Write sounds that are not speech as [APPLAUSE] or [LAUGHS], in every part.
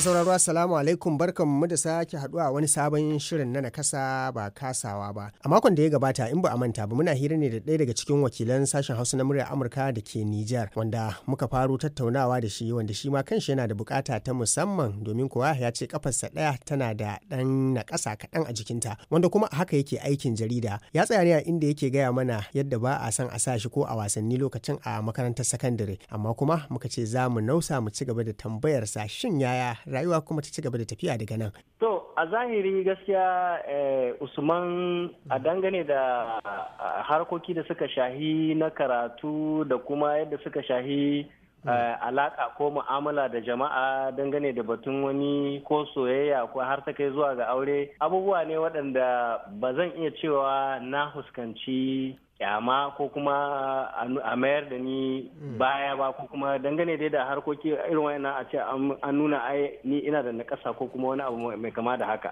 Mai sauraro Assalamu alaikum barkanmu da sake haduwa wani sabon shirin na nakasa ba kasawa ba. A makon da ya gabata in ba a manta ba muna hira ne da ɗaya daga cikin wakilan sashen Hausa na muryar Amurka da ke Nijar wanda muka faro tattaunawa da shi wanda shi ma kanshi yana da bukata ta musamman domin kuwa ya ce kafarsa ɗaya tana da ɗan nakasa kaɗan a jikinta wanda kuma a haka yake aikin jarida. Ya tsaya ne a inda yake gaya mana yadda ba a san a sa shi ko a wasanni lokacin a makarantar sakandare amma kuma muka ce za mu nausa mu ci gaba da tambayarsa shin yaya rayuwa kuma ta ci gaba da tafiya daga nan to a zahiri gaskiya eh, usman a dangane da harkoki da suka shahi na karatu da kuma yadda suka shahi eh, alaka ko mu'amala da jama'a dangane da batun wani ko soyayya ko har ta kai zuwa ga aure abubuwa ne waɗanda ba zan iya cewa na huskanci yama ko kuma a mayar da ni hmm. baya ba ko kuma dangane dai da harkoki irin wannan a ce an nuna ai ni ina da nakasa ko kuma wani abu mai kama da haka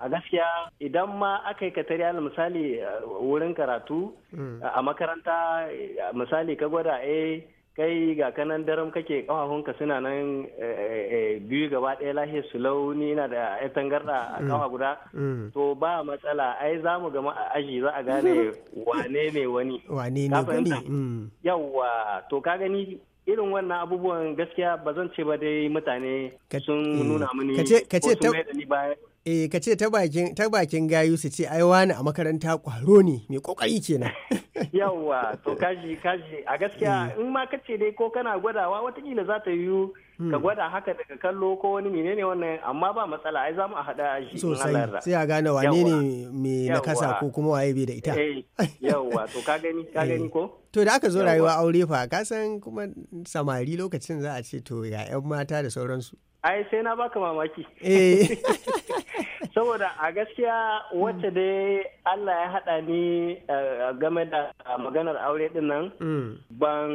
a gaskiya idan ma aka yi katari ala misali eh, wurin karatu hmm. a makaranta misali ka gwada eh kai ga kanan daren kake kafafunka suna nan eh, eh, eh, biyu gaba ɗaya lahi su launi na da ya tangarda a kafa mm. guda mm. to ba matsala ai za mu gama a aji za a gane [LAUGHS] wane ne wani wane ne wani mm. yawa to ka gani irin wannan abubuwan gaskiya ba zan ce ba dai mutane sun nuna mini ko sun mai ni eh ka ce ta bakin ta gayu su ce ai wani a makaranta kwaro ne mai kokari kenan [LAUGHS] yawwa to kaji kaji a gaskiya eh. in ma ka ce dai ko kana gwadawa watakila za ta yiwu ka hmm. gwada haka daga kallo ko wani menene wannan amma ba matsala ai za mu a haɗa shi sosai sai a gane wane ne mai nakasa ko kuma waye bai da ita eh, yawwa to ka gani ka [LAUGHS] eh. gani ko to da aka zo rayuwa aure fa ka san kuma samari lokacin za a ce to ya 'yan mata da sauransu ai sai na baka mamaki eh. [LAUGHS] saboda a gaskiya wacce dai Allah ya haɗa ni eh, game da maganar aure din nan mm. ban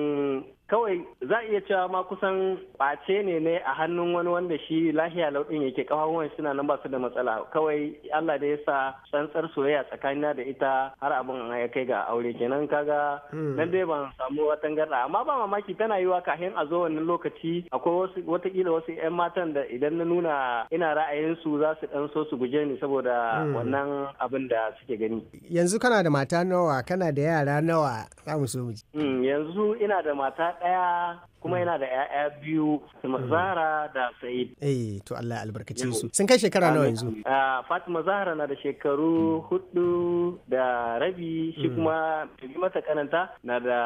kawai za iya cewa ma kusan ɓace ne ne a hannun wani wanda shi lahiya lauɗin yake kafafuwan suna nan ba su da matsala kawai Allah da ya sa tsantsar soyayya tsakanina da ita har abin ya kai ga aure kenan kaga hmm. nan dai ban samu wata garda amma ba mamaki tana yiwa kafin a zo wannan lokaci akwai wasu watakila wasu yan matan da idan na nuna ina ra'ayinsu su za su dan so su guje ni saboda hmm. wannan abin da suke gani yanzu kana da mata nawa kana da yara nawa za mu so mu hmm, yanzu ina da mata 对啊。kuma mm. yana da 'ya'ya biyu mm. Zahra da sa'id eh to Allah ya albarkace su sun kai shekara nawa yanzu ah, fatima zahra na da shekaru mm. hudu da rabi shi kuma bi mata kananta na da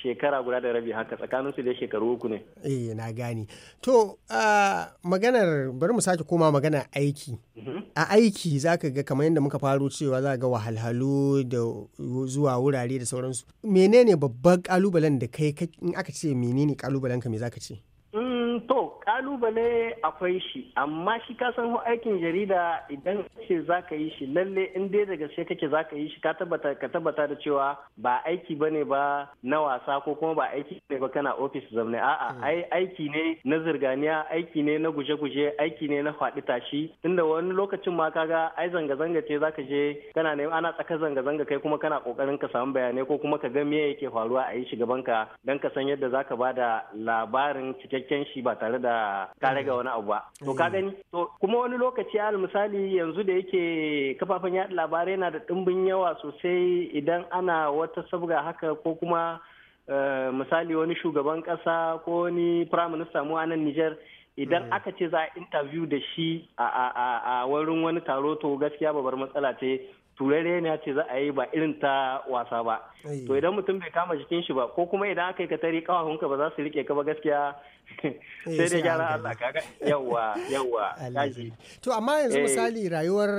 shekara guda da rabi haka tsakanin su da shekaru uku ne eh na gane to ah, maganar bari mu sake koma maganar aiki mm-hmm. a aiki zaka ga kamar yadda muka faro cewa za ga wahalhalu da zuwa wurare da sauransu menene babban kalubalen da kai in aka ce menene menene kalubalen ka me zaka ce kalubale akwai shi amma shi ka san aikin jarida idan ce za ka yi shi lalle in dai daga gaske kake za ka yi shi ka tabbata da cewa ba aiki bane ba na wasa ko kuma ba aiki ne ba kana ofis zamne a'a hmm. ai aiki ne na zirganiya aiki ne na guje-guje aiki ne na faɗi tashi tunda wani lokacin ma kaga ai zanga-zanga ce za ka je kana neman ana tsaka zanga-zanga kai kuma kana kokarin ka samu bayanai ko kuma ka ga me yake faruwa a yi shi gaban ka dan ka san yadda za ka bada labarin cikakken shi ba tare da ka mm. ga wani abu ba to ka gani kuma wani lokaci al misali yanzu da yake kafafen yaɗa labarai yana da ɗimbin yawa sosai idan ana wata sabga haka ko kuma eh, misali wani shugaban ƙasa ko wani prime minister mu a nan Nijar idan hmm. aka ce za a interview da shi a wurin wani taro to gaskiya babar matsala ce turare ne ce za a yi ba irin ta wasa ba to idan mutum bai kama jikin shi ba ko kuma idan aka yi katari kawahunka ba za su rike ka ba gaskiya [LAUGHS] eh, sai dai gyara Allah kaga yawa yawa [LAUGHS] to amma yanzu eh. misali rayuwar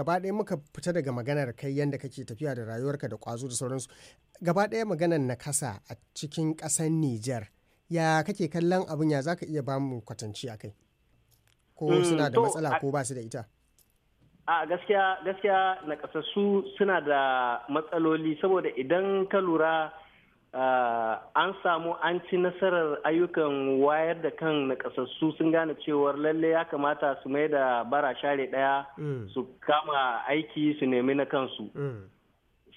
gaba ɗaya muka fita daga maganar kai yanda kake tafiya da rayuwarka da kwazo da sauransu gaba ɗaya maganar nakasa a cikin ƙasar Nijar ya kake kallon abin ya za ka iya bamu kwatanci a kai ko hmm, suna da matsala ko ba su da ita a gaskiya gaskiya kasassu suna da matsaloli saboda idan ka lura an samu an ci nasarar ayyukan wayar da kan kasassu sun gane cewar lalle ya kamata su mai da bara share daya hmm. su kama aiki su nemi na kansu hmm.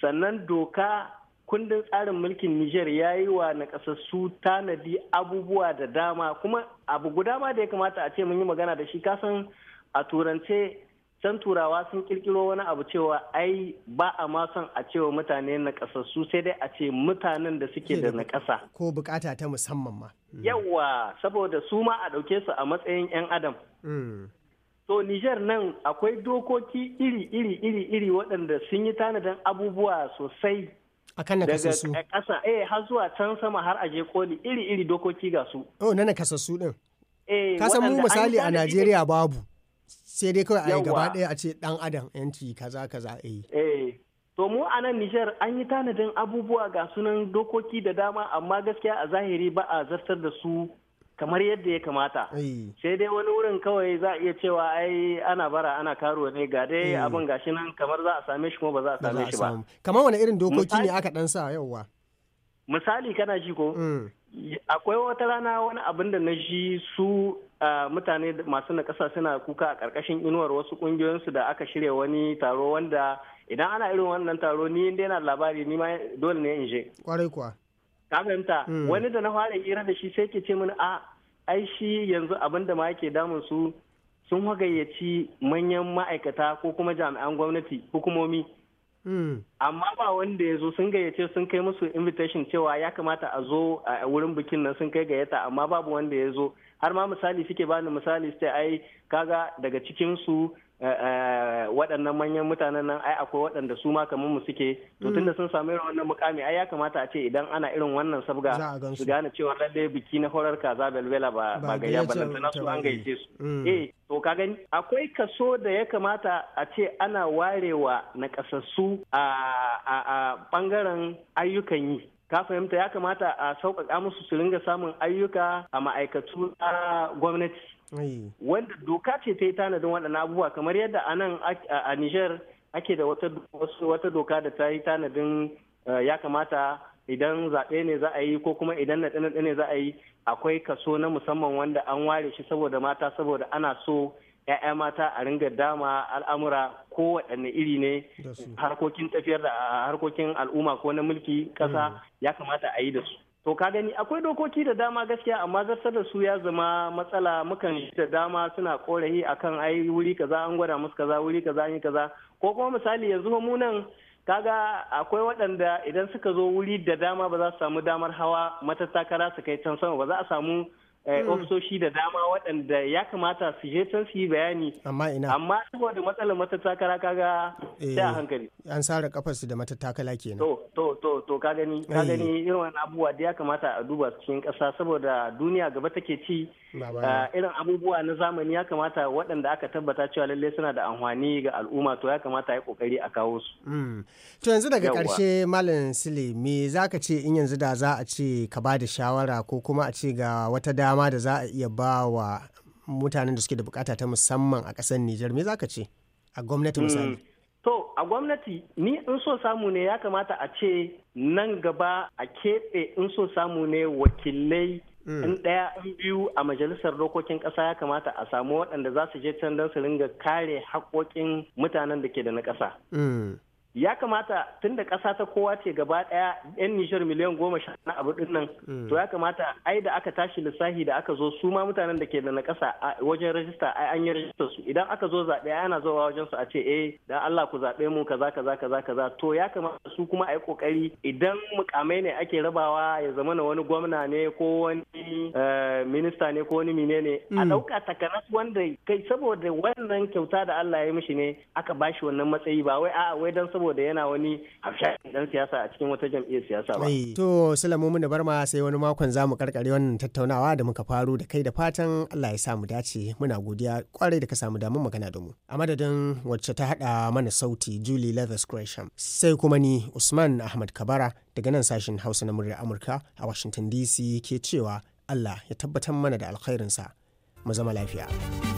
sannan doka kundin tsarin mulkin Nijar ya yi wa nakasassu tanadi abubuwa da dama kuma abu guda ma da ya kamata a ce mun yi magana da shi kasan a turance can turawa sun kirkiro wani abu cewa ai ba a ma son a cewa mutane nakasassu sai dai a ce mutanen da suke da nakasa ko bukata ta musamman ma mm. yawa saboda su ma a ɗauke su a matsayin 'yan adam mm. to Nijar nan akwai dokoki iri iri iri iri waɗanda sun yi tanadin abubuwa sosai akan na kasassu daga kasa eh har zuwa can sama har aje koli iri iri dokoki ga su oh na na kasassu din eh ka san mu misali a Najeriya babu sai dai kawai a yi gaba daya a ce dan adam yanci kaza kaza eh to mu a nan Nijar an yi tanadin abubuwa ga sunan dokoki da dama amma gaskiya a zahiri ba a zartar da su kamar yadda ya kamata sai dai wani wurin kawai za a iya cewa ai ana bara ana karuwa ne ga dai eh. abin gashi nan kamar za a same shi kuma ba za a same shi ba kamar wani irin dokoki ne aka dan sa yauwa misali kana shi ko mm. akwai wata rana wani abin da na ji su mutane masu na kasa suna kuka a karkashin inuwar wasu kungiyoyinsu da aka shirya wani taro wanda idan ana irin wannan taro ni dai na labari ni ma dole ne in je kwarai kuwa ka mm. wani da na fara hira da shi sai ke ce mini a ai shi yanzu abin da ma yake damun su sun hagayyaci manyan ma'aikata ko kuma jami'an gwamnati hukumomi mm. amma ba wanda ya zo sun gayyace sun kai musu invitation cewa ya kamata a zo a wurin bikin nan sun kai gayyata amma babu wanda ya zo har ma misali suke bani misali sai ai kaga daga cikin su Eh, eh, waɗannan manyan mutanen nan ai akwai waɗanda su ma kamar mu suke to mm. tunda sun samu irin wannan mukami ai ya kamata a ce idan ana irin wannan sabga su gane cewa lalle biki na horar kaza belbela ba ba gayya balantana su eh. an gaice su mm. eh to ka gani akwai kaso da ya kamata a ce ana warewa na kasassu a bangaren ayyukan yi ka fahimta ya kamata a sauƙaƙa musu su ringa samun ayyuka a ma'aikatu na gwamnati wanda doka ce ta yi tanadin waɗannan abubuwa kamar yadda a nan a Nijar ake da wata doka da ta yi tanadin eh, ya kamata idan zaɓe ne za a yi ko kuma idan na ne za a yi akwai kaso na musamman wanda an ware shi saboda mata saboda ana so 'ya'ya mata a ringa dama al'amura ko waɗanne iri ne harkokin tafiyar da harkokin al'umma ko na mulki ƙasa mm. ya kamata a yi da su to ka gani akwai dokoki da dama gaskiya amma zartar da su ya zama matsala mukan shi da dama suna korafi akan ai wuri kaza an gwada musu kaza wuri kaza an yi kaza ko kuma misali yanzu mu nan kaga akwai waɗanda idan suka zo wuri da dama ba za su samu damar hawa matattakara su kai can sama ba za a samu Eh, hmm. ofisoshi da dama waɗanda ya kamata su je can su yi bayani amma ina amma saboda matsalar matattakala kaga da eh, hankali an sare kafar su da matattakala kenan to to to to ka gani ka eh. gani irin wannan abubuwa da ya kamata a duba cikin ƙasa saboda duniya gaba take ci ah, irin abubuwa na zamani ya kamata waɗanda aka tabbata cewa lallai suna da amfani ga al'umma to ya kamata a yi ƙoƙari a kawo su hmm. to yanzu daga ƙarshe malam sile me zaka ce in yanzu da za a ce ka ba da shawara ko kuma a ce ga wata dama dama da za a iya ba wa mutanen da suke da bukata ta musamman a ƙasar Nijar me za ka ce a gwamnati misali? Mm. To a gwamnati ni in so samu ne ya kamata a ce nan gaba a keɓe in so samu ne wakilai mm. in ɗaya in biyu a majalisar dokokin ƙasa ya kamata a samu waɗanda za su je can don su ringa kare haƙoƙin mutanen da ke da na ƙasa. Mm. ya kamata tun da ƙasa ta kowa ce gaba ɗaya 'yan nishar miliyan goma sha na abu ɗin nan mm. to ya kamata ai da aka tashi lissafi da aka zo su ma mutanen da ke da na ƙasa wajen rajista ai an yi rajista su idan aka zo zaɓe ana zuwa wajen su a ce eh dan Allah ku zaɓe mu kaza kaza kaza kaza to ya kamata su kuma ai kokari idan mukamai ne ake rabawa ya zama na wani gwamna ne ko wani eh, minista ne ko wani mine a mm. ɗauka takanas wanda kai saboda wannan kyauta da Allah ya yi mishi ne aka bashi wannan matsayi ba wai a'a wai dan saboda saboda yana wani hafshayin dan siyasa a cikin wata jam'iyyar siyasa ba. Eh. To Sulamu mun bar ma sai wani makon za mu karkare wannan tattaunawa da muka faru da kai da fatan Allah ya sa mu dace muna godiya kwarai da ka samu damar magana da mu. A madadin wacce ta hada mana sauti Julie Leathers Gresham sai kuma ni Usman Ahmad Kabara daga nan sashen Hausa na muryar Amurka a Washington DC ke cewa Allah ya tabbatar mana da alkhairinsa mu zama lafiya.